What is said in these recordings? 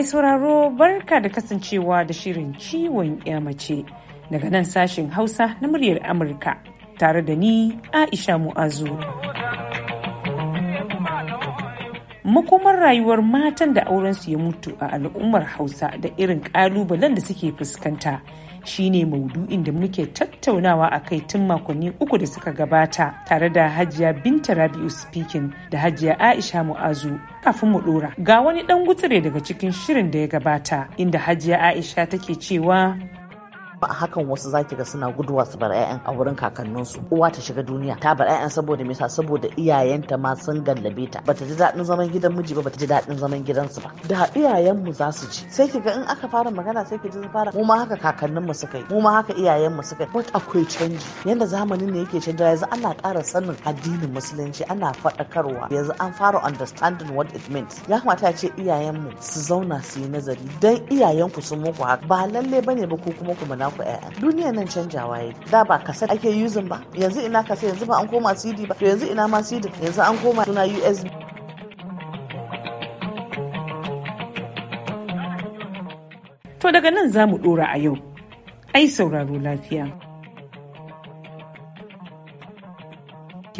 Mai sauraro barka da kasancewa da shirin ciwon mace daga nan sashen Hausa na muryar Amurka tare da ni Aisha Mu'azu. makomar rayuwar matan da aurensu ya mutu a al'ummar hausa da irin kalubalen da suke fuskanta shine maudu'in da muke tattaunawa a kai tun makonni uku da suka gabata tare da hajiya binta rabi'u speaking da hajiya aisha mu'azu kafin mu dora ga wani dan gutsire daga cikin shirin da ya gabata inda hajiya aisha take cewa ba a hakan wasu zaki ga suna guduwa su bar 'ya'yan a wurin kakanninsu uwa ta shiga duniya ta bar 'ya'yan saboda me saboda iyayenta ma sun gallabe ta bata ji daɗin zaman gidan miji ba bata ji daɗin zaman gidansu ba da iyayenmu za su ji sai kiga ga in aka fara magana sai ki ji fara mu ma haka kakanninmu suka yi mu ma haka iyayenmu suka yi but akwai canji yanda zamanin ne yake canja yanzu ana ƙara sanin addinin musulunci ana faɗakarwa yanzu an fara understanding what it means ya kamata a ce iyayenmu su zauna su yi nazari dan iyayenku sun muku haka ba lalle bane ba ko kuma ku mana ku yaya duniya nan canjawa yi da ba kaset ake yuzin ba yanzu ina kaset yanzu ba an koma cd ba to yanzu ina ma cd yanzu an koma suna usb to daga nan za mu dora a yau ai sauraro lafiya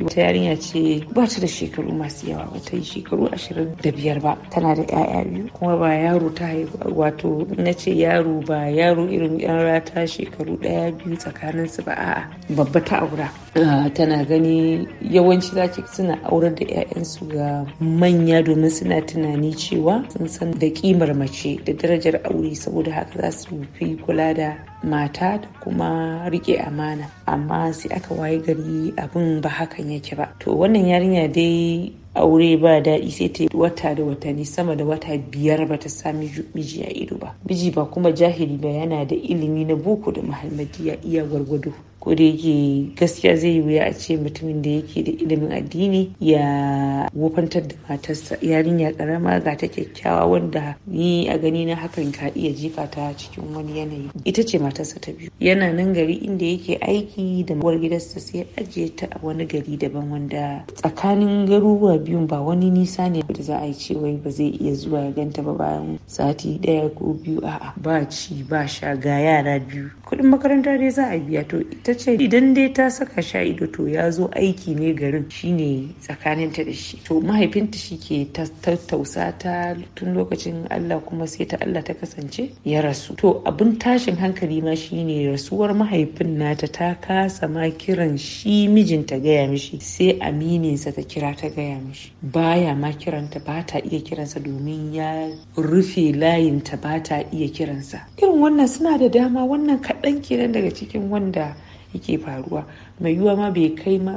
wata yarinya ce ba ta da shekaru masu yawa ba ta yi shekaru ashirin da biyar ba tana da ƴaƴa biyu kuma ba yaro ta haihu wato na ce yaro ba yaro irin yan rata shekaru ɗaya biyu tsakaninsu ba a'a babba ta aura Ah, tana gani yawanci za zaki suna aurar da 'ya'yansu ga manya domin suna tunani cewa sun san da kimar mace da darajar aure saboda haka za su fi kula da mata da kuma rike amana amma sai aka waye gari abin ba hakan yake ba to wannan yarinya dai aure ba daɗi sai ta wata da watanni sama da wata biyar ba ta sami miji a ido ba miji ba kuma jahili ba yana da ilimi na boko da ya iya gwargwado ko da yake gaskiya zai yi wuya a ce mutumin da yake da ilimin addini ya wofantar da matarsa yarinya karama ga ta kyakkyawa wanda ni a gani na hakan ka iya jefa ta cikin wani yanayi ita ce matarsa ta biyu yana nan gari inda yake aiki da uwar gidansa sai ajiye ta a wani gari daban wanda tsakanin garuruwa biyun ba wani nisa ne da za a yi wai ba zai iya zuwa ya ganta ba bayan sati daya ko biyu a'a ba ci ba sha ga yara biyu kuɗin makaranta dai za a biya to ita ta ce idan dai ta saka sha ido to ya zo aiki ne garin shine tsakaninta da shi to mahaifinta shi ke tattausa ta tun lokacin Allah kuma sai ta Allah ta kasance ya rasu to abin tashin hankali ma shine rasuwar mahaifin nata ta kasa ma kiran shi mijinta gaya mishi sai amininsa ta kira ta gaya mishi baya ma kiranta ba ta iya kiransa domin ya rufe layinta ba ta iya kiransa irin wannan suna da dama wannan kaɗan kenan daga cikin wanda yake faruwa mai yiwuwa ma bai kai ma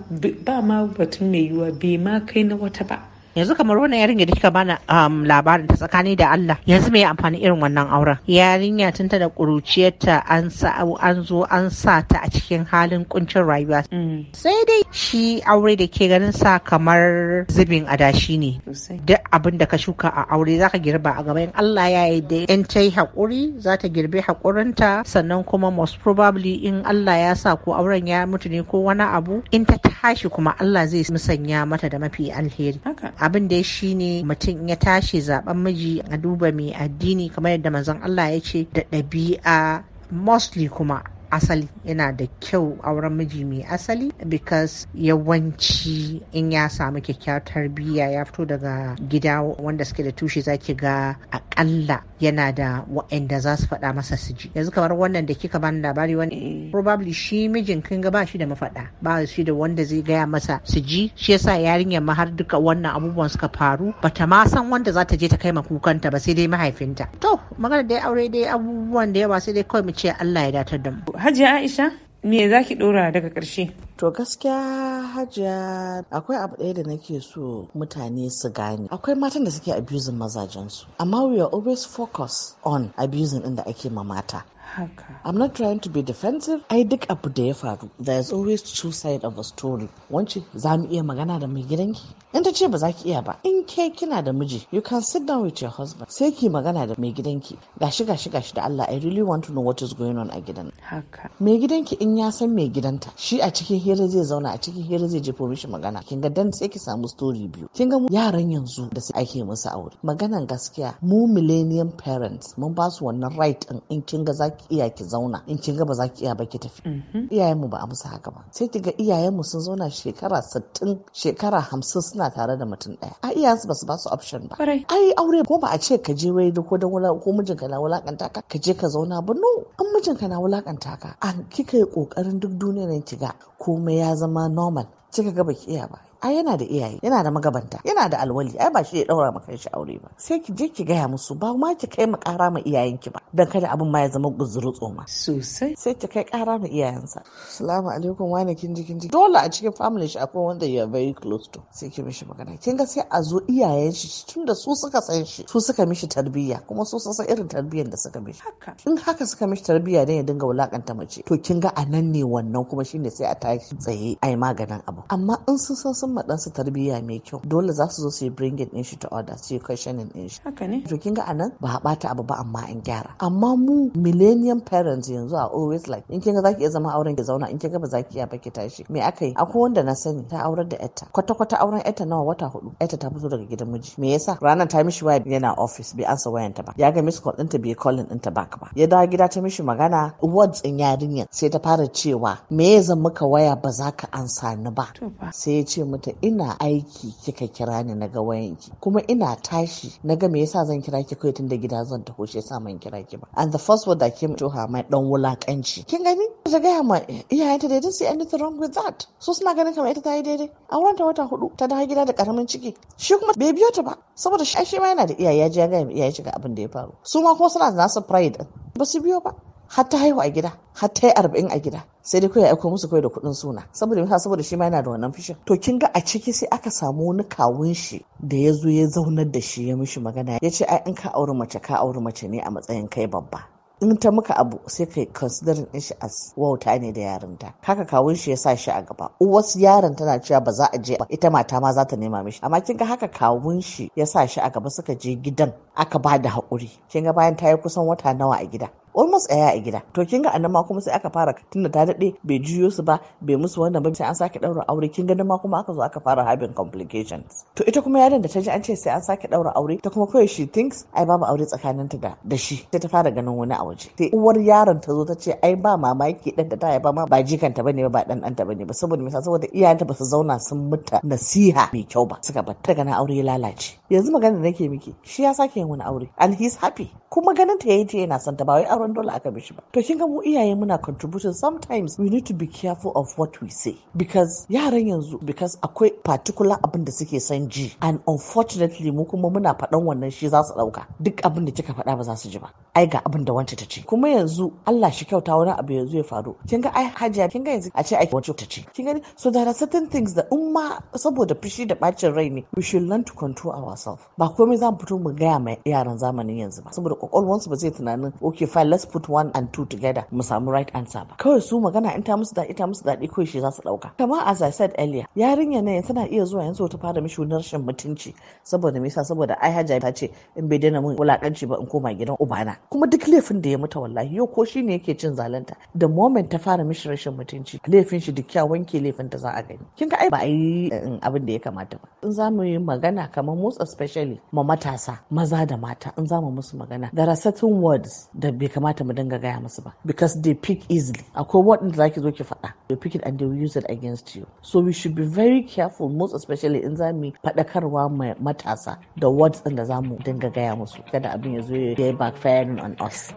ba ma batun mai yiwuwa bai ma kai na wata ba yanzu kamar wannan yarinya da kika bani um, labarin ta tsakani da Allah yanzu me amfani irin wannan auren yarinya tun ta da kuruciyarta an sa an zo an sa ta a cikin halin kuncin rayuwa mm. sai dai shi aure da ke ganin sa kamar zubin adashi ne duk abin da ka shuka a aure zaka girba a gaban Allah ya yi da in ta yi haƙuri za ta girbe haƙurinta sannan kuma most probably in Allah ya sa ko auren ya mutu ne ko wani abu in ta tashi kuma Allah zai musanya mata da mafi alheri abin da shi ne mutum ya tashi zaben miji a duba mai addini kamar yadda manzon Allah ya ce da ɗabi'a mostly kuma asali yana da kyau auren miji mai asali because yawanci in ya samu kyakkyawar tarbiyya ya fito daga gida wanda suke da tushe zaki ga a akalla yana da wa'anda za su faɗa masa su ji yanzu kamar wannan da kika bani labari wani eh. probably shi mijin kin ga ba shi da mafaɗa ba shi da wanda zai gaya masa su ji shi yasa yarinyar ma har duka wannan abubuwan suka faru bata ma san wanda za ta je ta kai ma kukanta ba sai dai mahaifinta to magana da aure dai abubuwan da yawa sai dai kawai mu ce Allah ya datar da mu hajiya Aisha me zaki dora daga ƙarshe To gaskiya hajiya akwai abu ɗaya da nake so mutane su gane. Akwai matan da suke abusing mazajensu. Amma we are always focus on abusing ɗin da ake ma mata. Haka. I'm not trying to be defensive. Ai duk abu da ya faru. There is always two sides of a story. Wance za mu iya magana da mai gidanki? In ta ce ba za ki iya ba. In ke kina da miji, you can sit down with your husband. Sai ki magana da mai gidanki. Gashi gashi gashi da Allah I really want to know what is going on a gidan. Haka. Mai gidanki in ya san mai gidanta, shi a cikin hira zai zauna a cikin hira zai jefo mishi magana kin ga dan sai ki samu story biyu kin ga yaran yanzu da sai ake musu aure maganan gaskiya mu millennium parents mun ba su wannan right din in kin ga zaki iya ki zauna in kin ga ba zaki iya ba ki tafi mm-hmm. iyayen mu ba a musu haka ba sai ki ga iyayen mu sun zauna shekara 60 shekara 50 suna tare da mutum daya a iyayen su ba su ba su option ba ai aure ko ba a ce ka je wai ko dan wala ko mijinka na wulakanta ka ka je ka zauna ba no an mijinka na wulakanta ka an kika yi kokarin duk duniyar ki ga komai ya zama normal cika gaba ga baki iya ba A yana da iyaye yana da magabanta yana da alwali ai ba shi ya daura maka shi aure ba sai ki je ki gaya musu ba ma ki kai makara ma ma ki ba dan kada abin ma ya zama guzuru tsoma sosai sai ki kai kara ma iyayensa assalamu alaikum wani kin ji kin dole a cikin family shi akwai wanda ya very close to sai ki mishi magana kin ga sai a zo iyayen shi tunda su suka san shi su suka mishi tarbiyya kuma su san irin tarbiyyar da suka mishi in haka suka mishi tarbiyya dan ya dinga wulakanta mace to kin ga anan ne wannan kuma shine sai a tashi tsaye ai maganin abu amma in sun san sun ma ɗansu tarbiyya mai kyau dole za su zo su yi bringing in shi to order su yi questioning in shi haka ne to kin ga anan ba a bata abu ba amma an gyara amma mu millennium parents yanzu a always like in kin ga zaki iya zama auren ki zauna in kin ga ba zaki iya ba ki tashi me aka yi akwai wanda na sani ta aurar da eta. kwata kwata auren yarta nawa wata hudu eta ta fito daga gidan miji me yasa ranar ta mishi waya yana office bai ansa wayanta ba ya ga miss call ɗinta bai calling ɗinta back ba ya dawo gida ta mishi magana words in yarinyar sai ta fara cewa me ya zan maka waya ba za ka ansa ni ba sai ya ce mata rubuta ina aiki kika kira ni na ga wayanki kuma ina tashi na ga me yasa zan kira ki kai tun da gida zan taho shi yasa man kira ki ba and the first word that came to her my dan wulakanci kin gani ta gaya ma iyayenta they didn't see anything wrong with that so suna ganin kamar ita ta yi daidai auren ta wata hudu ta dawo gida da karamin ciki shi kuma bai biyo ta ba saboda shi ma yana da iyaye ya ji ya ga iyaye shiga abin da ya faru su ma kuma suna da nasu pride ba su biyo ba har ta haihu a gida har ta yi arba'in a gida sai dai kawai aiko musu kawai da kuɗin suna saboda misa saboda shi ma yana da wannan fishin to kin ga a ciki sai aka samu wani kawun shi da ya zo ya zaunar da shi ya mishi magana ya ce ai in ka auri mace ka auri mace ne a matsayin kai babba in ta muka abu sai kai considering din shi as wauta ne da yarinta haka kawun shi ya sa shi a gaba wasu yaron tana cewa ba za a je ba ita mata ma za ta nema mishi amma kin ga haka kawun shi ya sa shi a gaba suka je gidan aka ba da haƙuri kin ga bayan ta yi kusan wata nawa a gida almost a a gida to kin ga anan ma kuma sai aka fara tunda ta dade bai juyo su ba bai musu wannan ba sai an sake daura aure kin ga ma kuma aka zo aka fara having complications to ita kuma yaron da ta ji an ce sai an sake daura aure ta kuma kawai she thinks ai babu aure tsakaninta da da shi sai ta fara ganin wani a waje sai uwar yaron ta zo ta ce ai ba mamaki dan da ta haifa ma ba jikanta bane ba dan danta bane ba saboda me saboda iyayenta ba su zauna sun muta nasiha mai kyau ba suka bar ta ganin aure ya lalace yanzu magana da nake miki shi ya sake yin wani aure and he's happy kuma ganin ta yayi ta yana son ta ba wai sauran dole aka mishi ba to kin ga mu iyaye muna contribution sometimes we need to be careful of what we say because yaran yanzu because akwai particular abin da suke san ji and unfortunately mu kuma muna faɗan wannan shi za su ɗauka duk abin da kika faɗa ba za su ji ba ai ga abin da wancan ta ce kuma yanzu Allah shi kyauta wani abu yanzu ya faru kin ga ai hajiya kin ga yanzu a ce ai wacce ta ce kin gani so there are certain things da umma saboda fushi da bacin rai ne we should learn to control ourselves ba komai za mu fito mu gaya ma yaran zamanin yanzu ba saboda kwakwalwansu ba zai tunanin okay fine let's put one and two together mu samu right answer ba kawai su magana in ta musu daɗi ta musu daɗi kawai shi za su ɗauka kama as I said earlier yarinya ne tana iya zuwa yanzu ta fara mishi wani rashin mutunci saboda me yasa saboda ai hajja ta ce in bai daina mun wulakanci ba in koma gidan ubana kuma duk laifin da ya mutu wallahi yau ko shi ne yake cin zalunta da moment ta fara mishi rashin mutunci laifin shi duk wanke laifin ta za a gani kin ga ai ba a yi mm, abin da ya kamata ba in za mu yi magana kamar most especially ma matasa maza da mata in za mu musu magana there are certain words da bai kamata mu dinga gaya musu ba because they pick easily akwai waɗanda zaki zo ki faɗa they pick it and they will use it against you so we should be very careful most especially in za mu faɗakarwa mai matasa da words ɗin da za mu dinga gaya musu kada abin ya zo ya backfiring on us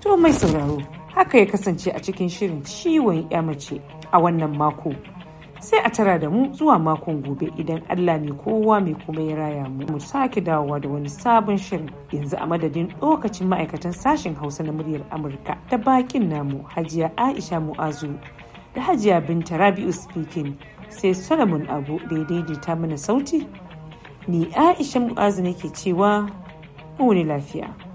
to mai sauraro haka ya kasance a cikin shirin ciwon ya mace a wannan mako sai a tara da mu zuwa makon gobe idan Allah mai kowa mai kuma ya raya mu mu sake dawowa da wani sabon shirin yanzu a madadin lokacin ma'aikatan sashen Hausa na muryar Amurka da bakin namu Hajiya Aisha Mu'azu da Hajiya Binta Rabi'u speaking sai Solomon Abu da ya daidaita mana sauti ni Aisha Mu'azu nake cewa mu ne lafiya.